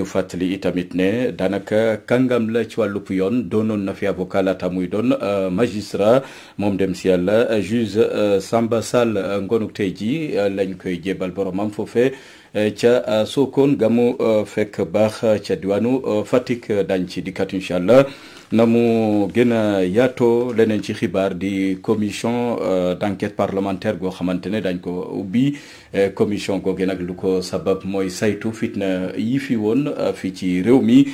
ñu fàttali itamit ne daanaka kàngam la ci wàllub yoon doonoon na fi avocat laata muy doon euh, magistra moom dem si yàlla juge euh, Samba Sall euh, ngonuk tey ji lañ koy jébal boromam foofe ca sokon gamu fekk baax ca diwaanu Fatick dañ ci dikkat incha na mu gën a yaatoo leneen ci xibaar di commission euh, d'enquête parlementaire goo xamante ne dañ ko ubbi euh, commission googee nag lu ko sabab mooy saytu fitna yi fi woon euh, fii ci réew mi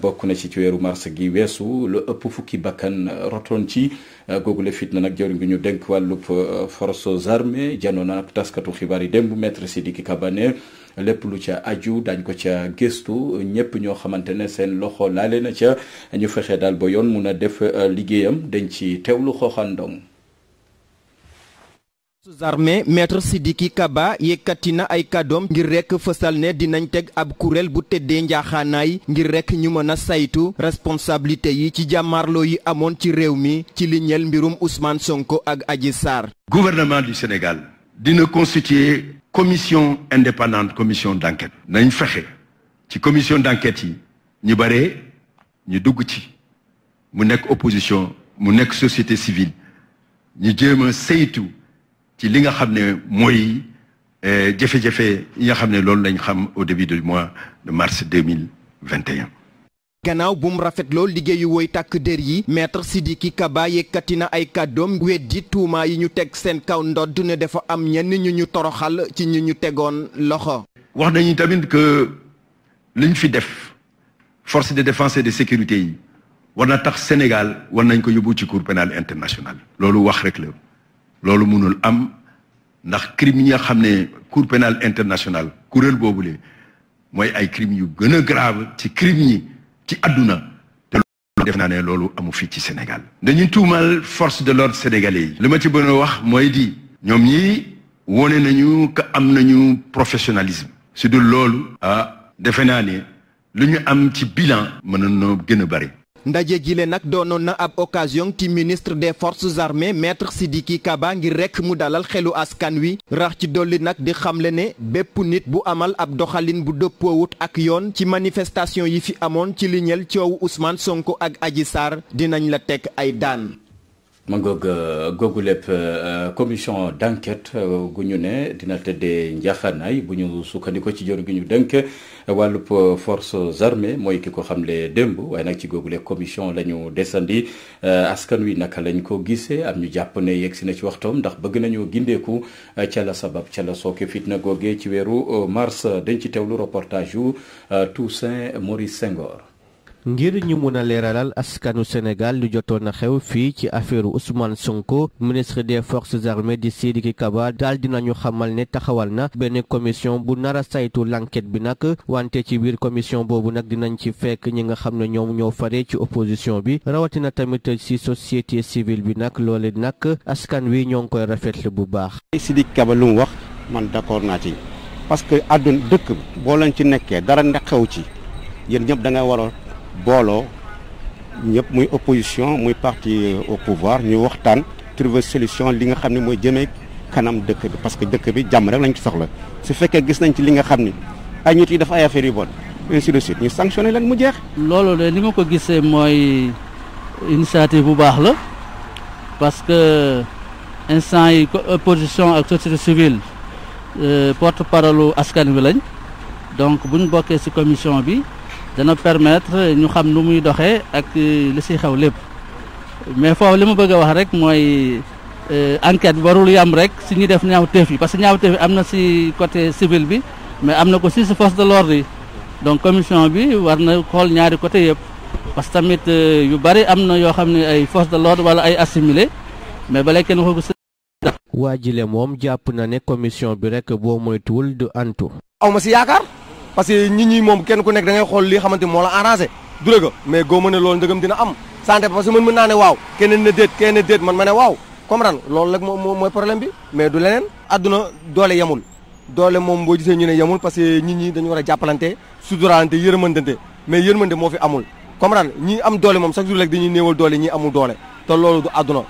bokk na ci ci weeru mars gi weesu lu ëpp fukki bakkan rotoon ci googule fitna nag jëriñ gi ñu dénk wàllub forces armées janoon na nag taskatu xibaar yi dem bu démb maître Sidiki Kabane lépp lu ca aju dañ ko ca gëstu ñëpp ñoo xamante ne seen loxo laale na ca ñu fexe daal ba yoon mun a def euh, liggéeyam dañ ci teewlu xooxandong forces armées maître Sidiki Kaba yëkkati na ay kàddoom ngir rek fësal ne dinañ teg ab kuréel bu tëddee njaaxaanaay ngir rek ñu mën a saytu responsabilité yi ci jàmmaarloo yi amoon ci réew mi ci li mbirum Ousmane Sonko ak aji Sarr. gouvernement du Sénégal dina constituer commission indépendante commission d'enquête nañ fexe ci commission d'enquête yi ñu bare ñu dugg ci mu nekk opposition mu nekk société civile ñu jéem a saytu ci li nga xam ne mooy euh, jafe-jafe yi nga xam ne loolu lañ xam au début du mois de mars deux mille vingt et gannaaw bu mu loolu liggéeyu woy tàkk der yi maître Sidiki Kaba yëkkati na ay kàddoom weddi tuuma yi ñu teg seen kaw ndodd ne dafa am ñenn ñu ñu toroxal ci ñu ñu tegoon loxo. wax nañu tamit li ñu fi def force de défense et de sécurité yi war na tax Sénégal war nañ ko yóbbu ci cour pénale internationale. loolu wax rek la loolu mënul am ndax crime yi nga xam ne cour pénale internationale boobu boobule mooy ay crimes yu gën a grave ci crime yi. ci àdduna te loolu def naa ne loolu amu fii ci Sénégal dañuy tuumal force de l'ordre sénégalais yi li ma ci bëgg a wax mooy di ñoom ñi wone nañu que am nañu professionnalisme su dul loolu ah defe naa ne lu ñu am ci bilan mën na gën a bari ndaje gile nag doonoon na ab occasion ci ministre des forces armées maître Sidiki Kaba ngir rek mu dalal xelu askan wi rax ci dolli nag di xamle ne bépp nit bu amal ab doxalin bu dëppoo wut ak yoon ci manifestation yi fi amoon ci li ñeel coowu Ousmane Sonko ak aji Sarr dinañ la tekk ay daan ma ngoog euh, googu lépp euh, commission d' enquête euh, gu ñu ne dina tëddee njaxanaay bu ñu sukkandiko ci jor gi ñu dënk wàllub forces armées mooy ki ko xamle démb waaye nag ci googu googule commission la ñu desandi askan wi naka lañ ko gisee am ñu jàpp ne yegsi na ci waxtoom ndax bëgg nañoo gindeeku ca la sabab ca la sooke fitna googe ci weeru mars dañ ci teewlu reportage yu Toussaint Maurice Senghor ngir ñu mun a leeralal askanu Sénégal di jotoon a xew fii ci affaire Ousmane Sonko ministre de force armées di Sidiki Kaba daal dinañu xamal ne taxawal na benn commission bu nar a saytu l'enquête bi nag wante ci biir commission boobu nag dinañ ci fekk ñi nga xam ne ñoom ñoo fare ci opposition bi rawatina tamit ci société civile bi nag loole nag askan wi ñoo ngi koy rafetlu bu baax. Sidiki Kaba lu mu wax man d'accord naa ci parce que àdduna dëkk boo leen ci nekkee dara ndax xew ci yéen ñëpp da waroon booloo ñëpp muy opposition muy parti euh, au pouvoir ñu waxtaan trouver solution li nga xam ne mooy jëmee kanam dëkk bi parce que dëkk bi jàmm rek lañ ci soxla su fekkee gis nañ ci li nga xam ni ay nit yi dafa ay affaires yu bon ainsi de suite ñu sanctionné leen mu jeex. loolu de ni ma ko gisee mooy initiative bu baax la parce que instant yi opposition ak société civile euh, porte-parole askan bi lañ donc bu ñu bokkee ci commission bi. dana permettre ñu xam nu muy doxee ak euh, li siy xew lépp mais foofu li ma bëgg a wax rek mooy euh, enquête bi warul yam rek si ñuy def ñaaw ñaawteef yi parce que ñaawteef yi am na si côté civil bi mais am na ko si si force de l'ordre yi donc commission bi war na xool ñaari côté yëpp parce que tamit euh, yu bari am na yoo xam ne ay force de l'ordre wala ay assimilé mais bala kenn waxu si waajile moom jàpp na ne commission bi rek boo moytuwul du antu. aw si yaakaar. parce que nit ñi moom kenn ku nekk da ngay xool li xamante moo la arrangé du dëgg mais goo ma ne loolu ndëgam dina am santé parce que man mën naa ne waaw keneen ne keneen ne déet man ma ne waaw comprendre mooy problème bi mais du leneen adduna doole yemul doole moom boo gisee ñu ne yemul parce que nit ñi dañu war a jàppalante suturalante yërmandante mais yërmande moo fi amul comprendre ñi am doole moom chaque jour rek dañuy néewal doole ñi amul doole te loolu du adduna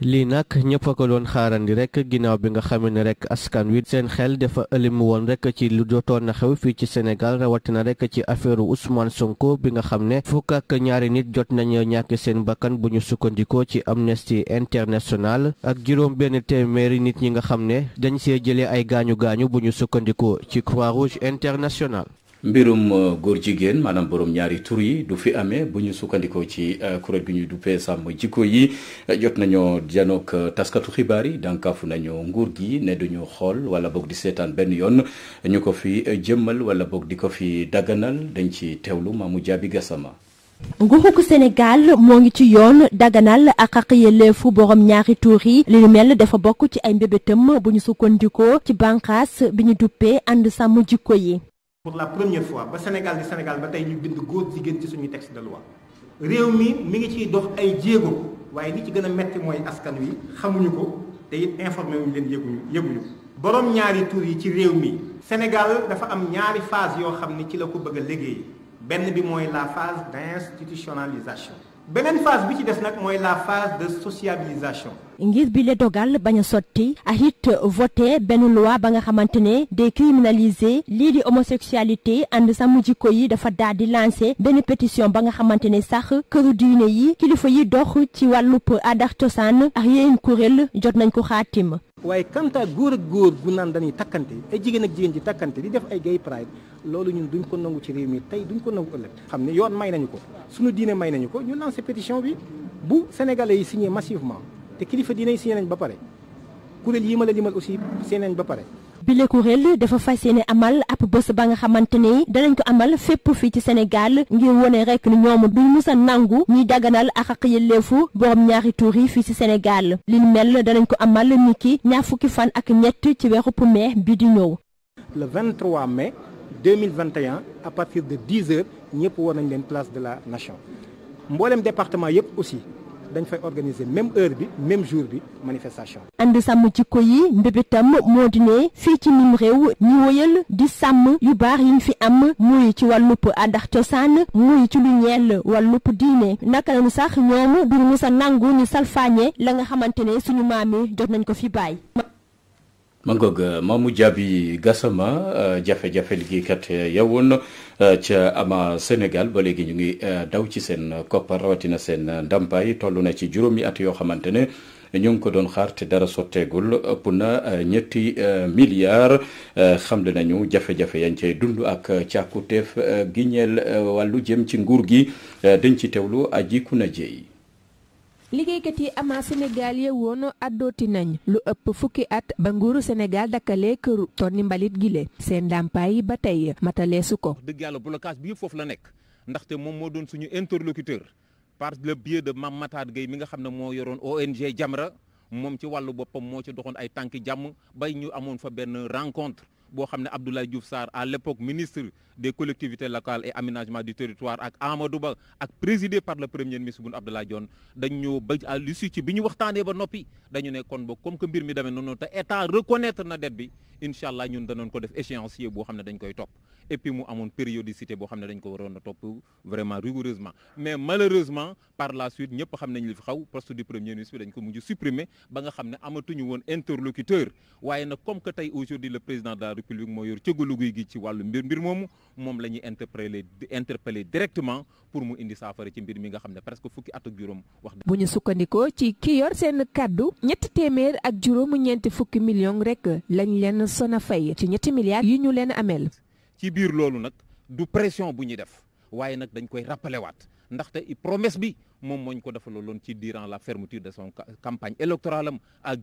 lii nag ñëpp ko doon xaarandi rek ginnaaw bi nga xamee ne rek askan wi seen xel dafa ëlim woon rek ci lu jotoon na xew fii ci Sénégal rawatina rek ci affaire Ousmane Sonko bi nga xam ne fukk ak ñaari nit jot nañu ñàkk seen bakkan bu ñu sukkandikoo ci Amnesty International ak juróom benn téeméeri nit ñi nga xam ne dañ see jëlee ay gaañu gaañu bu ñu sukkandikoo ci Croix-Rouge International mbirum euh, góor jigéen maanaam borom ñaari tur yi du fi amee bu ñu sukkandikoo ci euh, kuréel bi ñuy duppee sàmm jikko yi euh, jot nañoo janook taskatu xibaar yi dànkaafu nañoo nguur gi ne duñu xool wala boog di seetaan benn yoon ñu ko fi jëmmal wala boog di ko fi daganal dañ ci teewlu Mamou Diaby Gassama nguurug Sénégal moo ngi ci yoon daganal ak ak yelleefu borom ñaari tuur yi li ñu mel dafa bokk ci ay mbébétam bu ñu sukkandikoo ci bànqaas bi ñu duppee ànd sàmm jikko yi pour la première fois ba Sénégal di Sénégal ba tey ñu bind góor jigéen ci suñu texte de loi réew mi mi ngi ciy dox ay jéego waaye li ci gën a metti mooy askan wi xamuñu ko te it informé leen yëguñu yëguñu borom ñaari tur yi ci réew mi Sénégal dafa am ñaari phase yoo xam ni ci la ko bëgg a liggéey benn bi mooy la phase d'institutionnalisation beneen phase bi ci des nag mooy la phase de sociabilisation. ngir bi le dogal bañ a sotti ak it voté benn loi ba nga xamante ne day criminaliser lii di homosexualité ànd sàmm jikko yi dafa daal di lancé benn pétition ba nga xamante ne sax këru diine yi kilifa yi dox ci wàllu aada ak cosaan ak yeneen kuréel jot nañu ko xaatim. waaye quant góor ak góor gu naan dañuy takkante ay jigéen ak jigéen ji takkante di def ay gay pride loolu ñun duñ ko nangu ci réew mi tey duñ ko nangu ëllëg xam ne yoon may nañu ko suñu diine may nañu ko ñu lancé pétition bi bu sénégalais yi signé massivement te kilifa diine yi signé nañ ba pare kuréel yi ma la limal aussi signé nañ ba pare bi le kuréel dafa fas yéene amal ab bës ba nga xamante ne danañ ko amal fépp fii ci Sénégal ngir wone rek ni ñoom duñ mus a nangu ñuy daganal ak ak yelleefu borom ñaari tuur yi fii ci Sénégal li ñu mel danañ ko amal niki ñaar fukki fan ak ñett ci weeru mai bi di ñëw. le 23 mai 2021 à partir de 10 heures ñëpp war nañ leen place de la nation mboolem département yëpp aussi. dañ fay organiser même heure bi même jour bi manifestation ànd sàmm jikko yi mbébétam moo di ne fii ci nim réew ñu woyal di sàmm yu baax yiñ fi am muy ci wàllup àndax cosaan muy ci lu ñeel wàllup diine naka lañu sax ñoom duñu musa nangu ñu salfaañe la nga xamante ne suñu maam yi jot nañ ko fi bàyyi ma ngoog euh, Mamou Diaby Gassama euh, jafe-jafe liggéeykat euh, yowoon ca ama Sénégal ba léegi ñu ngi daw ci seen koppar rawatina seen ndàmpaay toll na ci juróomi at yoo xamante ne ñu ngi ko doon xaar te dara sotteegul ëpp na ñetti milliards xamle nañu jafe-jafe yañ cay dund ak càkkutéef gi ñeel wàllu jëm ci nguur gi dañ ci teewlu aji ku na jéey liggéeykat yi ama senegaal ya woon addooti nañ lu ëpp fukki at ba nguuru Sénégal dakkalee këru tonni mbalit gile seen ndàmpaay yi ba tey matalee su ko. dëgg yàlla blocage bi yëpp foofu la nekk ndaxte moom moo doon suñu interlocuteur par le biais de Mame Matar Gueye mi nga xam ne moo yoroon ONG Jamra moom ci wàllu boppam moo ci doxoon ay tànki jàmm bay ñu amoon fa benn rencontre. boo xam ne Abdoulaye Diouf Sarr à l'époque ministre des collectivités locales et aménagement du territoire ak Amadou Ba ak présidé par le premier ministre Boun Abdallah Dionne dañu ba à l'issue ci bi ñu waxtaanee ba noppi dañu ne kon ba comme que mbir mi demee noonu te état reconnaître na dette bi incha allah ñun danoon ko def échéancier boo xam ne dañ koy top et mu amoon périodicité boo xam ne dañ ko waroon a topp vraiment rigoureusement mais malheureusement par la suite ñëpp xam nañ li fi xaw poste du premier ministre bi dañ ko mujj supprimer ba nga xam ne amatuñu woon interlocuteur waaye na comme que tey aujourd'hui le président de la république moo yor cëgaluguy gi ci wàllu mbir mbir moomu moom la ñuy interpellé interpellé directement pour mu indi saafara ci mbir mi nga xam ne parce que fukki at ak juróom wax bu ñu ci ki yor seen kàddu ñetti téeméer ak juróomu ñeenti fukki millions rek lañ leen sona fay ci ñetti milliards yi ñu leen ameel ci biir loolu nag du pression bu ñuy def waaye nag dañ koy rappelé ndaxte ndaxte promesse bi moom moo ñu ko defaloon ci durant la fermeture de son campagne électorale am à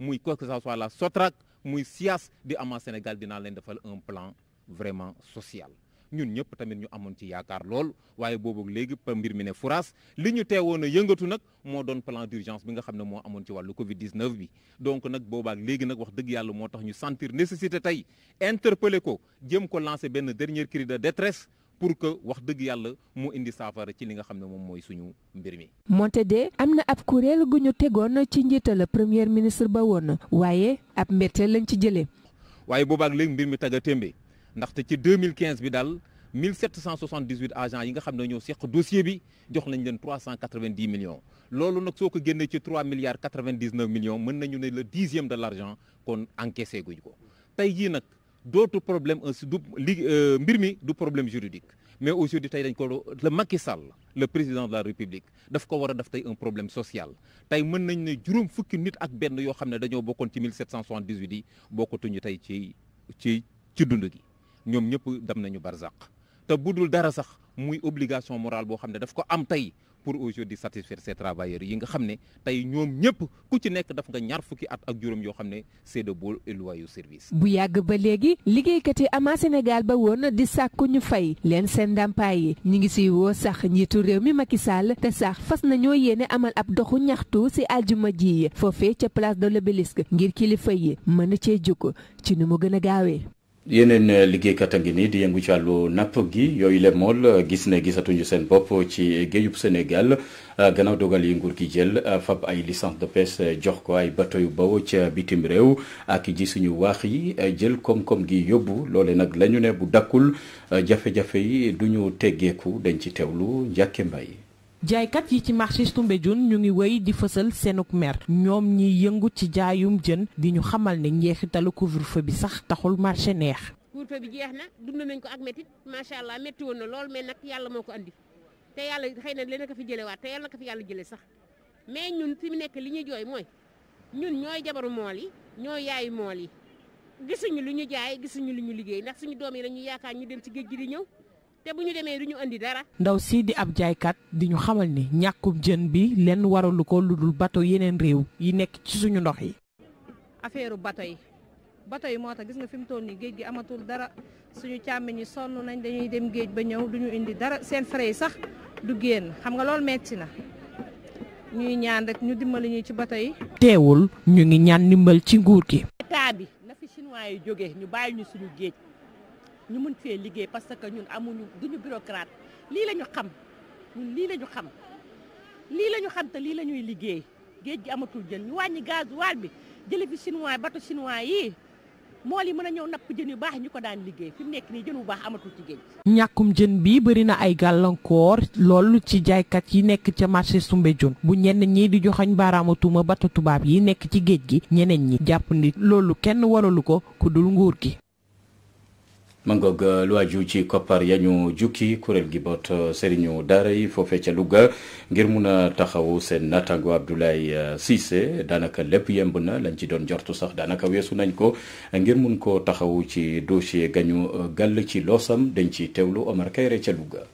muy quoi que la SOTRAC muy SIAS di ama Sénégal dinaa leen defal un plan vraiment social. ñun ñëpp tamit ñu amoon ci yaakaar lool waaye boobu léegi pa mbir mi ne furaas li ñu teewoon a yëngatu nag moo doon plan d'urgence bi nga xam ne moo amoon ci wàllu Covid 19 bi donc nag boobaak léegi nag wax dëgg yàlla moo tax ñu sentir nécessité tey interpeller ko jëm ko lancer benn dernier kiri de détresse pour que wax dëgg yàlla mu indi saafara ci li nga xam ne moom mooy suñu mbir mi. moonte de am na ab kuréel gu ñu tegoon ci njiital premier ministre ba woon waaye ab mbetteel lañ ci jëlee. waaye boobaak léegi mbir mi tagga témbe ndaxte ci 2015 bi daal 1778 agents yi nga xam ne ñoo seq dossier bi jox nañ leen 390 millions loolu nag soo ko génnee ci 3 milliards 99 millions mën nañu ne le dixième de l' argent kon encaissé guñ ko tey jii nag dootu problème un euh, du li euh, mbir mi du problème juridique mais aujourd'hui tey dañ ko le Macky Sall le président de la République daf ko war a def tey un problème social tey mën nañ ne juróom fukki nit ak benn yoo xam ne dañoo bokkoon ci 1778 yi bokkatuñu tey ci ci ci dund gi ñoom ñëpp dem nañu barzaq te bu dul dara sax muy obligation morale boo xam ne daf ko am tey pour aujourd'hui satisfaire ces travailleurs yi nga xam ne tey ñoom ñëpp ku ci nekk daf nga ñaar fukki at ak juróom yoo xam ne c'est de bons yu service bu yàgg ba léegi liggéeykat yi ama Sénégal ba woon di sàkku ñu fay leen seen ndàmpaay yi ñu ngi siy sax njiitu réew mi Macky Sall te sax fas na ñoo yéene amal ab doxu ñaxtu si aljuma ji foofee ca place de l'Obélisque ngir kilifa yi mën cee jukk ci nu mu gën a gaawee. yeneen euh, liggéeykat a ngi nii di yëngu ci wàllu napp gi yooyu le mool euh, gis ne gisatuñu seen bopp ci géejub Sénégal euh, gannaaw dogal yi nguur gi jël fab ay licence de pêche jox ko ay bateau yu baw ca bitim réew ak ji suñu wax yi jël koom-koom gi yóbbu loole nag lañu ne bu dakkul jafe-jafe yi duñu teggeeku dañ ci teew lu Njàkke Mbay jaaykat yi ci marché Soumbédioune ñu ngi woy di fësal seenuk mer ñoom ñiy yëngu ci jaayum jën di ñu xamal ne njeexitalu couvre-feu bi sax taxul marché neex. couvre-feu bi jeex na dund nañ ko ak métit macha allah métti woon na lool mais nag yàlla moo ko indi te yàlla xëy na leneen ko fi jëlee waat te yàlla ko fi yàlla jëlee sax mais ñun fi mu nekk li ñu jooy mooy ñun ñooy jabaru mool yi ñooy yaayu mool yi gisuñu lu ñu jaay gisuñu lu ñu liggéey ndax suñu doom yi la ñu yaakaar ñu dem ci géej gi di ñëw. bu ñu demee du ñu andi dara. ndaw sii di ab jaaykat di ñu xamal ni ñàkkub jën bi lenn waralu ko lu dul bato yeneen réew yi nekk ci suñu ndox yi. affaire bato yi bato yi moo tax gis nga fi mu toll nii géej gi amatul dara suñu càmm ñi sonn nañ dañuy dem géej ba ñëw duñu indi dara seen frais yi sax du génn xam nga loolu metti na. ñuy ñaan rek ñu dimbali ñu ci bato yi. teewul ñu ngi ñaan ndimbal ci nguur gi. état bi na fi chinois yi ñu bàyyi suñu géej. ñu mën fee liggéey parce que ñun amuñu duñu bureaucrate lii la ñu xam ñun lii lañu xam lii la ñu lii la ñuy liggéey géej gi amatul jën ñu wàññi gasoil bi jële fi chinois bateau chinois yi moo li mën a ñëw napp jën yu baax ñu ko daan liggéey fi nekk nii jën bu baax amatul ci géej ñàkkum jën bi bëri na ay gàllankoor loolu ci jaaykat yi nekk ca marché Soumbédioune bu ñenn ñi di joxañ baaraamu tuuma bato tubaab yi nekk ci géej gi ñeneen ñi jàpp ni loolu kenn waralu ko ku dul nguur gi mangoog eh, lu aju ci koppar ya ñu jukki kuréel gi boot eh, sëriñu daara yi foofe ca Louga ngir mun a taxawu seen natango Abdoulaye eh, Cissé daanaka lépp yemb na lañ ci doon jortu sax daanaka weesu nañ ko ngir mun ko taxawu ci dossier gañu gàll ci loosam dañ ci teewlu Omar Kayre ca Louga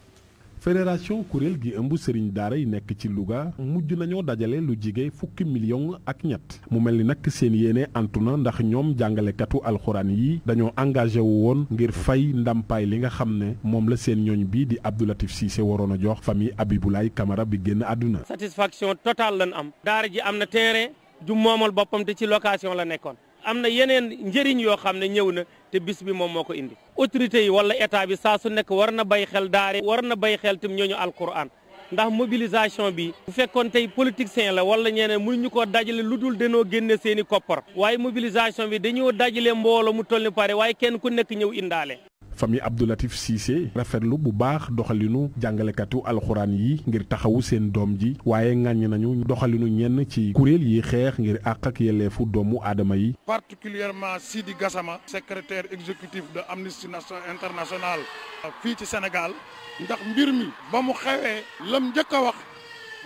fédération kuréel gi ëmb sëriñ daara yi nekk ci Louga mujj nañoo dajale lu jige fukki million ak ñett mu mel ni nag seen yéene antu na ndax ñoom jàngalekatu alxuraan yi dañoo engagé wu woon ngir fay ndampaay li nga xam ne moom la seen ñooñ bii di Abdou Latif Cissé waroon a jox famille Abiboulaye Camara bi génn àdduna. satisfaction totale lan am. daara ji am na tere ju moomal boppam te ci location la nekkoon. am na yeneen njëriñ yoo xam ne ñëw na te bis bi moom moo ko indi autorité yi wala état bi saa su nekk war na bay xel daare war na bay xel tam ñooñu alquran ndax mobilisation bi bu fekkoon tey politicien la wala ñeneen mënuñu koo dajale lu dul danoo génne seen i koppar waaye mobilisation bi dañoo dajale mbooloo mu toll ni pare waaye kenn ku nekk ñëw indaale famille Abdoulatif Cissé rafetlu bu baax doxalinu jàngalekatu alxuraan yi ngir taxawu seen doom ji waaye ŋàññ nañu doxalinu ñenn ci kuréel yi xeex ngir àq ak yelleefu doomu aadama yi. particulièrement Sidi Gassama secrétaire exécutif de Amnesty International euh, fii ci Sénégal ndax mbir mi ba mu xewee lam njëkk a wax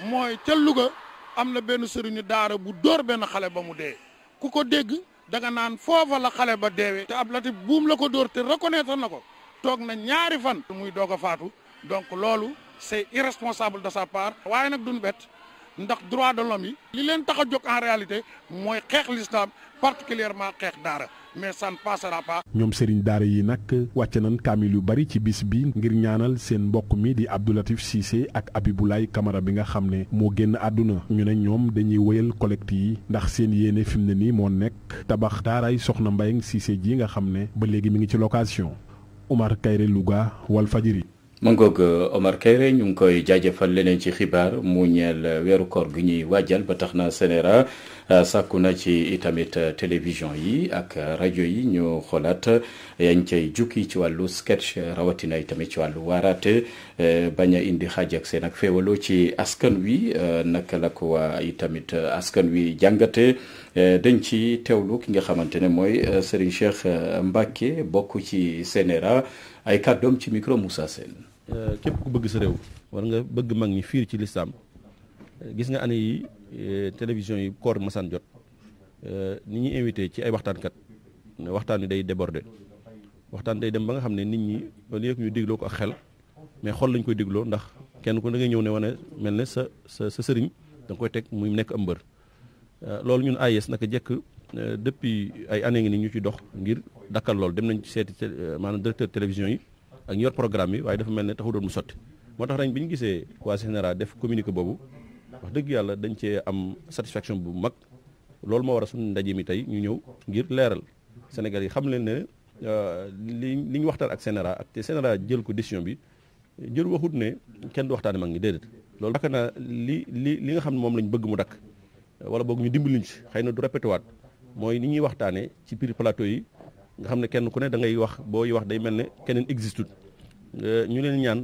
mooy ca Louga am na benn sëriñu daara bu dóor benn xale ba mu dee ku ko dégg. danga naan foofa la xale ba deewee te ab buum la ko dóor te reconnaître na ko toog na ñaari fan muy doog a faatu donc loolu c'est irresponsable de sa part waaye nag duñ bett ndax droit de l'homme yi li leen tax a jóg en réalité mooy xeex l'islam particulièrement xeex daara mais ça ne passera ñoom sëriñ daara yi nag wàcc nañ kaamil yu bari ci bis bi ngir ñaanal seen mbokk mi di Abdoulatif Cissé ak Abibulaay Camara bi nga xam ne moo génn àdduna ñu ne ñoom dañuy wëyal collecte yi ndax seen yéene fi mu ne nii moo nekk tabax daaray soxna Mbayang Cissé ji nga xam ne ba léegi mi ngi ci location Omar Kayre Louga Walfadjri mu ngoog euh, Omar Kayre ñu ngi koy jaajëfal leneen ci xibaar mu ñeel euh, weeru koor gi ñuy waajal ba tax na sénéra Euh, sàkku na ci itamit euh, télévision yi ak euh, rajo yi ñu xoolaat yañ cay jukki ci wàllu sketch rawatina tamit ci wàllu waaraate bañ a indi xaaj ak seen ak féewaloo ci askan wi naka la ko waa itamit askan wi jàngate dañ ci teewlu ki nga xamante ne mooy Serigne Cheikh Mbacke bokk ci CNRA ay kàddoom ci micro Moussa Sène képp ku bëgg sa réew war nga bëgg mag ñi fiir ci lislaam gis nga année yi Euh, télévision yi koor masaan jot euh, ni ñuy invité ci ay waxtaankat waxtaan wi day déborder waxtaan day dem ba nga xam ne nit ñi au lieu ñu dégloo ko ak xel mais xol lañ koy dégloo ndax kenn ku da ñëw ne wane mel ne sa sa sa sëriñ da koy teg muy nekk mbër euh, loolu ñun AIS naka jekk depuis ay années ngi ni ñu ci dox ngir dakkal loolu dem nañ ci seeti maanaam directeur télévision yi ak ñu yor programme yi waaye dafa mel ne taxu doon mu sotti moo tax dañ bi ñu gisee waa CNRA def communiqué boobu wax dëgg yàlla dañ cee am satisfaction bu mag loolu moo war a suñu ndaje mi tey ñu ñëw ngir leeral Sénégal yi xam leen ne euh, li li ñu waxtaan ak sénéra ak te jël ko décision bi jël waxut ne kenn du waxtaane mag ñi déedéet loolu yaakaar naa li li li nga xam ne moom lañ bëgg mu dakk wala boog ñu dimbaliñ ci xëy na du répété waat mooy ni ñuy waxtaane ci biir plateau yi nga xam ne kenn ku ne dangay ngay wax booy wax day mel ne keneen existut euh, ñu leen ñaan